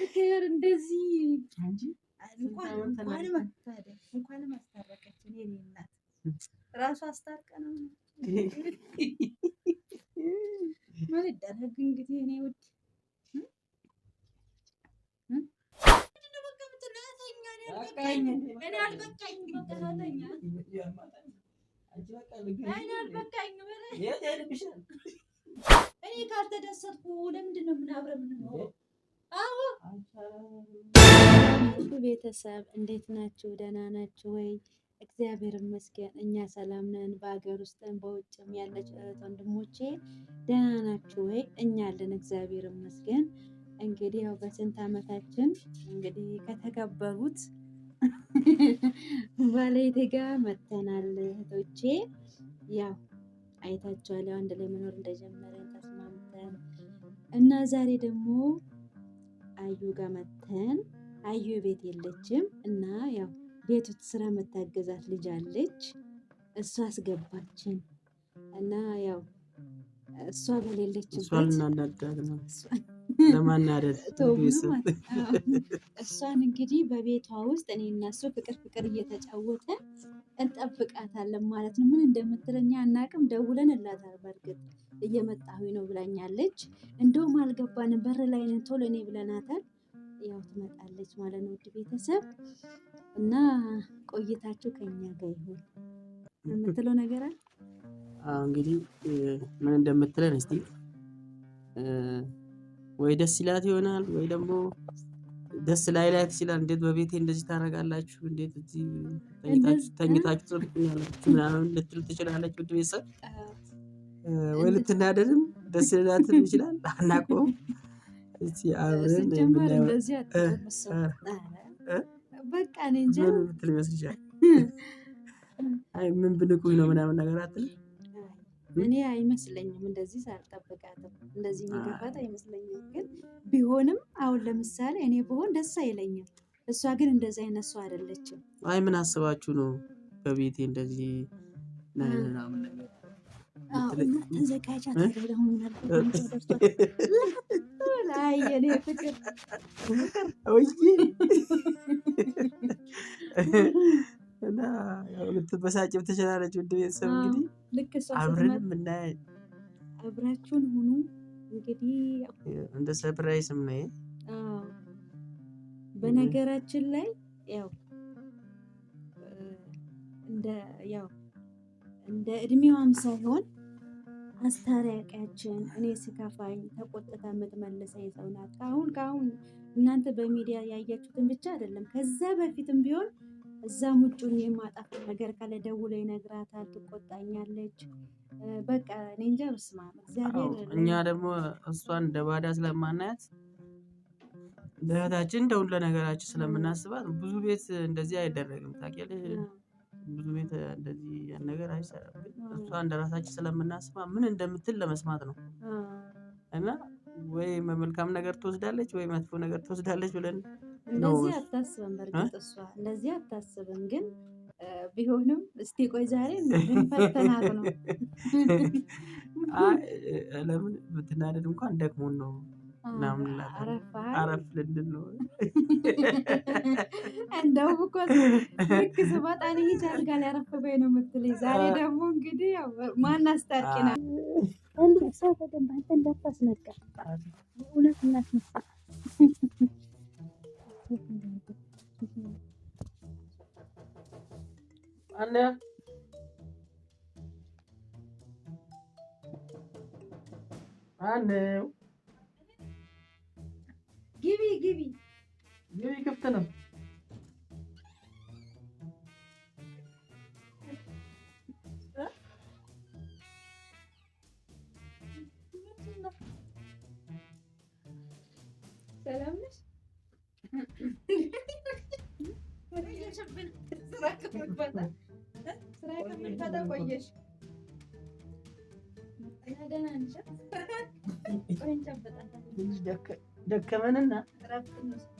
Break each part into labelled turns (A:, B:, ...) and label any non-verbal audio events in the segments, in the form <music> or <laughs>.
A: ፍቅር እንደዚህ እንኳንም አስታረቀች። እኔ እናት ራሱ አስታርቀን ምን ይደረግ እንግዲህ እኔ ውድ እኔ ካልተደሰትኩ ለምንድን ነው ምን አብረን የምንኖረው? ሁሉ ቤተሰብ እንዴት ናችሁ? ደህና ናችሁ ወይ? እግዚአብሔር ይመስገን እኛ ሰላም ነን። በሀገር ውስጥም በውጭም ያለች እህት ወንድሞቼ ደህና ናችሁ ወይ? እኛ አለን እግዚአብሔር ይመስገን። እንግዲህ ያው በስንት ዓመታችን እንግዲህ ከተከበሩት ባለቤቴ ጋር መጥተናል። እህቶቼ ያው አይታችኋል፣ አንድ ላይ መኖር እንደጀመረን ተስማምተን እና ዛሬ ደግሞ አዩ ጋር መተን አዩ ቤት የለችም እና ያው ቤት ስራ መታገዛት ልጅ አለች። እሷ አስገባችን እና ያው እሷ በሌለችበት እሷን <laughs> እንግዲህ በቤቷ ውስጥ እኔ እና እሱ ፍቅር ፍቅር እየተጫወተን እንጠብቃታለን ማለት ነው። ምን እንደምትለኛ አናቅም ደውለን እላታል በእርግጥ እየመጣሁ ነው ብላኛለች። እንደውም አልገባን በር ላይ ነን ቶሎ እኔ ብለናታል። ያው ትመጣለች ማለት ነው። ውድ ቤተሰብ እና ቆይታችሁ ከኛ ጋር ይሁን የምትለው ነገር አለ
B: እንግዲህ ምን እንደምትለን እስቲ ወይ ደስ ይላት ይሆናል፣ ወይ ደግሞ ደስ ላይ ላይ ትችላል። እንዴት በቤቴ እንደዚህ ታደርጋላችሁ? እንዴት እዚህ ተኝታችሁ ትጠብቁኛላችሁ? ምናምን ልትል ትችላለች። ውድ ቤተሰብ ወይ ልትናደድም ደስ ሊላትም ይችላል። አናቆም እስቲ አብረን
A: የምናየው ምን ብትል ይመስልሻል?
B: አይ ምን ብንቁኝ ነው ምናምን ነገር አትልም።
A: እኔ አይመስለኝም። እንደዚህ ሳልጠብቃትም እንደዚህ የሚገባት አይመስለኝም። ግን ቢሆንም አሁን ለምሳሌ እኔ ብሆን ደስ አይለኝም። እሷ ግን እንደዚህ አይነት ሰው አይደለችም።
B: አይ ምን አስባችሁ ነው በቤቴ እንደዚህ ምናምን ነገር ተዘጋጅ ልትበሳጭም ትችላለች። ውድ ቤተሰብ እንግዲህ አብረን የምናየ
A: አብራችሁን ሁኑ። እንግዲህ
B: እንደ ምናየ
A: በነገራችን ላይ ያው እንደ ያው እንደ እድሜዋም ሳይሆን አስታራቂያችን እኔ ስከፋኝ ተቆጥታ የምትመልሰኝ ሰው ናት። ከአሁን ከአሁን እናንተ በሚዲያ ያያችሁትን ብቻ አይደለም፣ ከዛ በፊትም ቢሆን እዛ ሙጩን የማጣፍ ነገር ካለ ደውሎ ይነግራታል፣ ትቆጣኛለች። በቃ እኔ እንጃ ብስማ እግዚአብሔር።
B: እኛ ደግሞ እሷን ደባዳ ስለማናያት ለእህታችን እንደውን ለነገራችን ስለምናስባት ብዙ ቤት እንደዚህ አይደረግም ታውቂያለሽ። ብዙ ቤት እንደዚህ ነገር አይሰራም። እሷ እንደ ራሳችን ስለምናስባ ምን እንደምትል ለመስማት ነው እና ወይ መልካም ነገር ትወስዳለች ወይ መጥፎ ነገር ትወስዳለች ብለን
A: እንደዚህ አታስብም። በእርግጥ እሷ እንደዚህ አታስብም ግን ቢሆንም እስቲ ቆይ ዛሬ ፈተናት ነው።
B: ለምን ብትናደድ እንኳን ደክሞን ነው ምናምን አረፍ ልንል ነው።
A: እንደውም እኮ ልክ ስመጣ እኔ አልጋ ላይ አረፍ በይ ነው የምትለኝ። ዛሬ ደግሞ እንግዲህ ማን አስታርቂና አንዱ ሰው በደንብ አንተ እውነት እናስነሳ
B: አለ አለው Tanım.
A: Selamlar. Sıra kapatmadan. Sıra kapatmadan koyuyor.
B: ደከመንና
A: እረፍት እንውሰድ።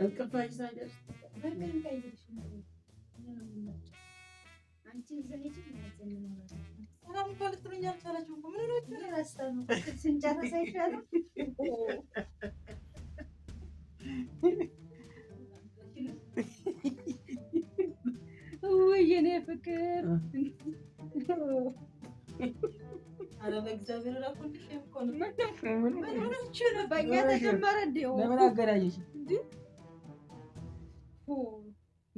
B: እንቅልፋሽ ሳይደርስ
A: ፍቅር ኧረ በእግዚአብሔር በእኛ ተጀመረ እንደ
B: ለምን አገናኘሽ?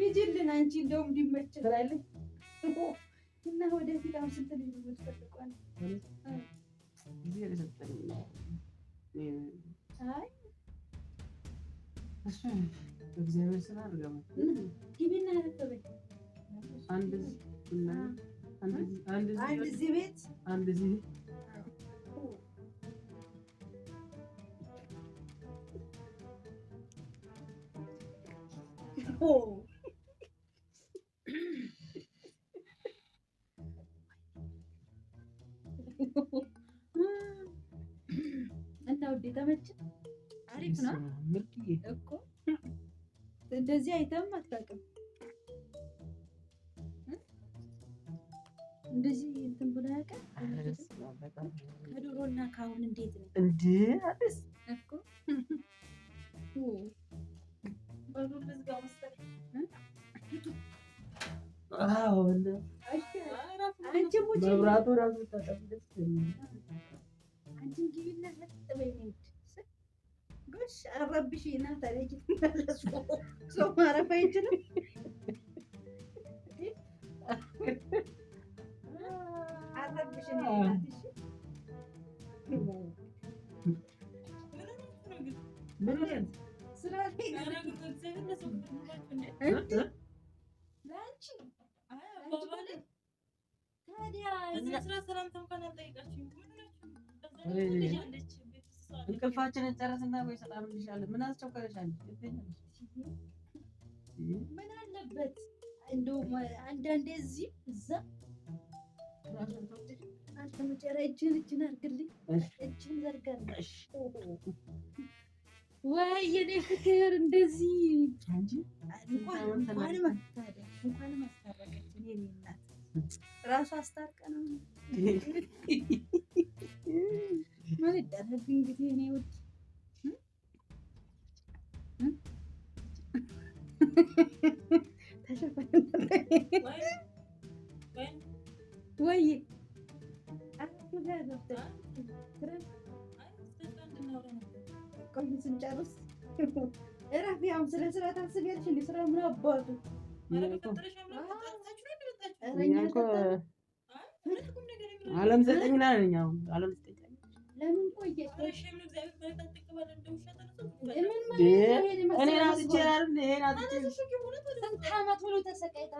A: ሂጂልን አንቺ እንደውም እንዲመች ትላለች እና ወደፊት አሁን ስንት ልጅ የምትፈልቀዋል?
B: አይ እግዚአብሔር ስራ አድርገው
A: ግቢና አረፈበኝ አንድ እዚህ ቤት አንድ እዚህ እና ውዴ ተመች አሪፍ ነው እኮ እንደዚህ አይተም አታውቅም። እንደዚህ እንትን ብሎ ያውቃል። ከድሮ እና ከአሁን እንዴት ነው
B: እንዴ? አዲስ እኮ መብራቱ ራሱ
A: አንቺ እንግቢና ለጥበኝ ጎሽ አረብሽ ና ታዲያ ትመለሱ ሰው ማረፍ አይችልም። አረብሽ ታዲያ ስራ ሰላምታ እንኳን
B: እንቅልፋችንን ጨረስና ወይ ሰላም እንልሻለን። ምን አስቸኳለሽ?
A: ምን አለበት እንደውም አንዳንዴ እዚህ እዛ አንተ መጨረሻ እጅህን እጅህን አድርግልኝ፣ እጅህን ዘርጋለሽ ወይ የኔ ፍቅር እንደዚህ እንኳንም አስታረቀች እራሱ አስታርቀ ነው ምን ይደረግ እንግዲህ እኔ ውድ ወይ ቆይ ስንጨርስ እረፍ። ያው ስለ ስራ ታስብ ያልሽ እንደ ስራ ምን አባቱ
B: አለም ዘጠኝ ምናምን አለም
A: ለምን ቆየሽ? ስንት ዓመት ሆኖ ተሰቃይታ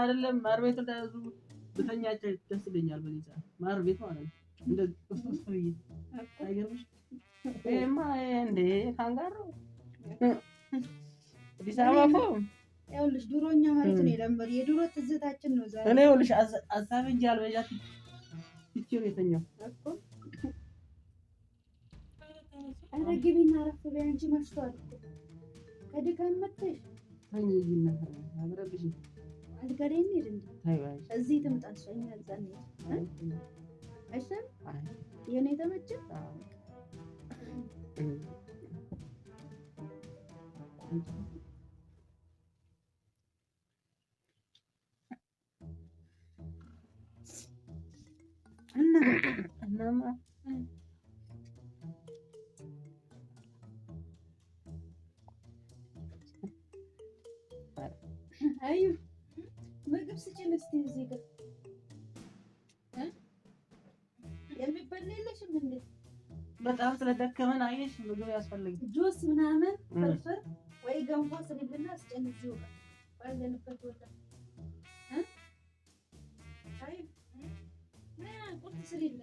B: አይደለም ማር ቤት ተያዙ ብተኛቸው ደስ ይለኛል። በዚህ ሰዓት ማር ቤት ማለት ነው። እንደዚህ አይገርምሽ? ይሄማ እንደ ካንጋሮ አዲስ አበባ እኮ
A: ይኸውልሽ፣ ድሮኛ ማለት ነው የለመደው የድሮ ትዝታችን ነው። ዛሬ
B: እኔ ይኸውልሽ አሳብ እንጂ አልበጃት ትቼው የተኛው
A: ኧረ ግቢና እረፍት በይ አንቺ መሽቷል ከድካም መጥተሽ
B: ተኝ ይነግረብሽ
A: አልጋ ላይ እንሂድ እንደ እዚህ ትምጣ እሷ እኛ እዛ እንሂድ አይሻልም የእኔ ተመቸ Thank Panama. አዩ ምግብ ስጭን እስኪ እዚህ ጋር የሚበላ የለሽም እንዴ?
B: በጣም ስለደከመን አየሽ፣ ምግብ ያስፈልግ
A: ጁስ ምናምን ፍርፍር ወይ ገንፎ ስሪልና ስጭን እዚሁ ጋር ባለንበት ቦታ አዩ ስሪልን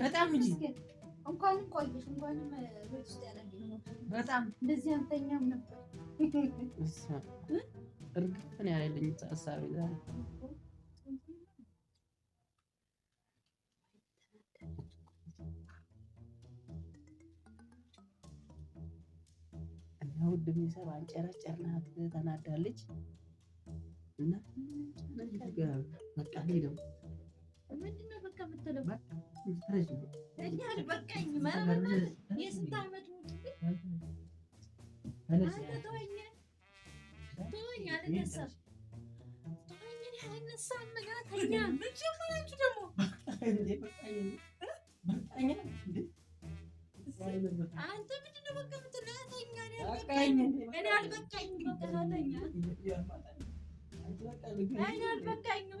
A: በጣም እንጂ እንኳንም ቆየሽ እንኳንም ቤት ውስጥ ያለ በጣም እንደዚህ አንተኛም ነበር።
B: እርግፍ ነው ያለኝ ሀሳቤ እና ውድ ሚሰብ አንጨራጨር ተናዳለች እና በቃ ሄደው
A: ምንድነው ከምትለው በቃኝ መረበና የስንት ዓመት አንተ ተወኝ ተወኝ አልነሳም ተወኝ አልነሳም ተኛ
B: ምንጭ ሆናችሁ ደግሞ
A: አንተ ምንድን ነው
B: በቃ የምትለው
A: ተኛ እኔ አልበቃኝም በቃ ተኛ እኔ አልበቃኝም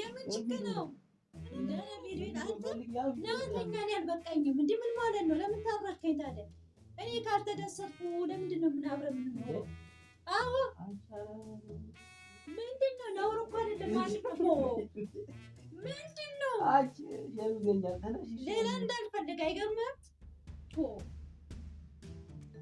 A: የምን ችግር ነው? ነው? ለምን ታረከኝ እኔ ካልተደሰትኩ ለምንድን ነው ምን አብረን አዎ ምንድን ነው ነውር እኮ አይደለም። አልቅሞ ምንድን ነው ሌላ እንዳልፈልግ አይገርምህም?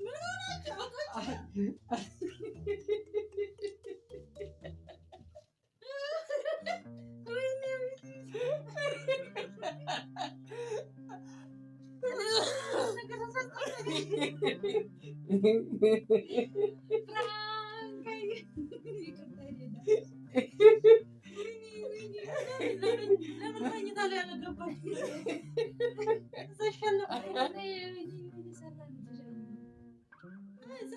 A: Prank! <laughs>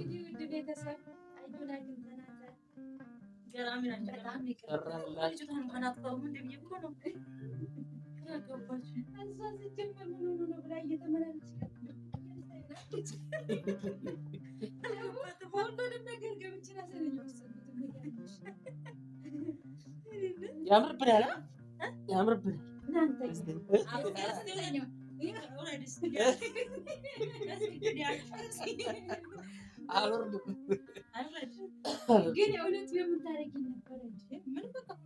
A: እንግዲህ ውድ ቤተሰብ አዩን አግኝተናታል። ገራሚ ናቸው። በጣም
B: ያምርብናል ያምርብናል። አልወርድም
A: ግን የእውነት የምታደርጊ ነበር ምን በቃ